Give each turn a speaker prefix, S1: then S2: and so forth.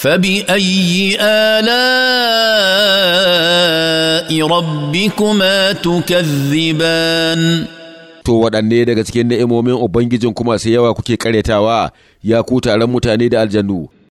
S1: فبأي آلاء
S2: ربكما تكذبان to waɗanne daga cikin na'imomin ubangijin kuma sai yawa kuke karetawa ya ku taron mutane da aljannu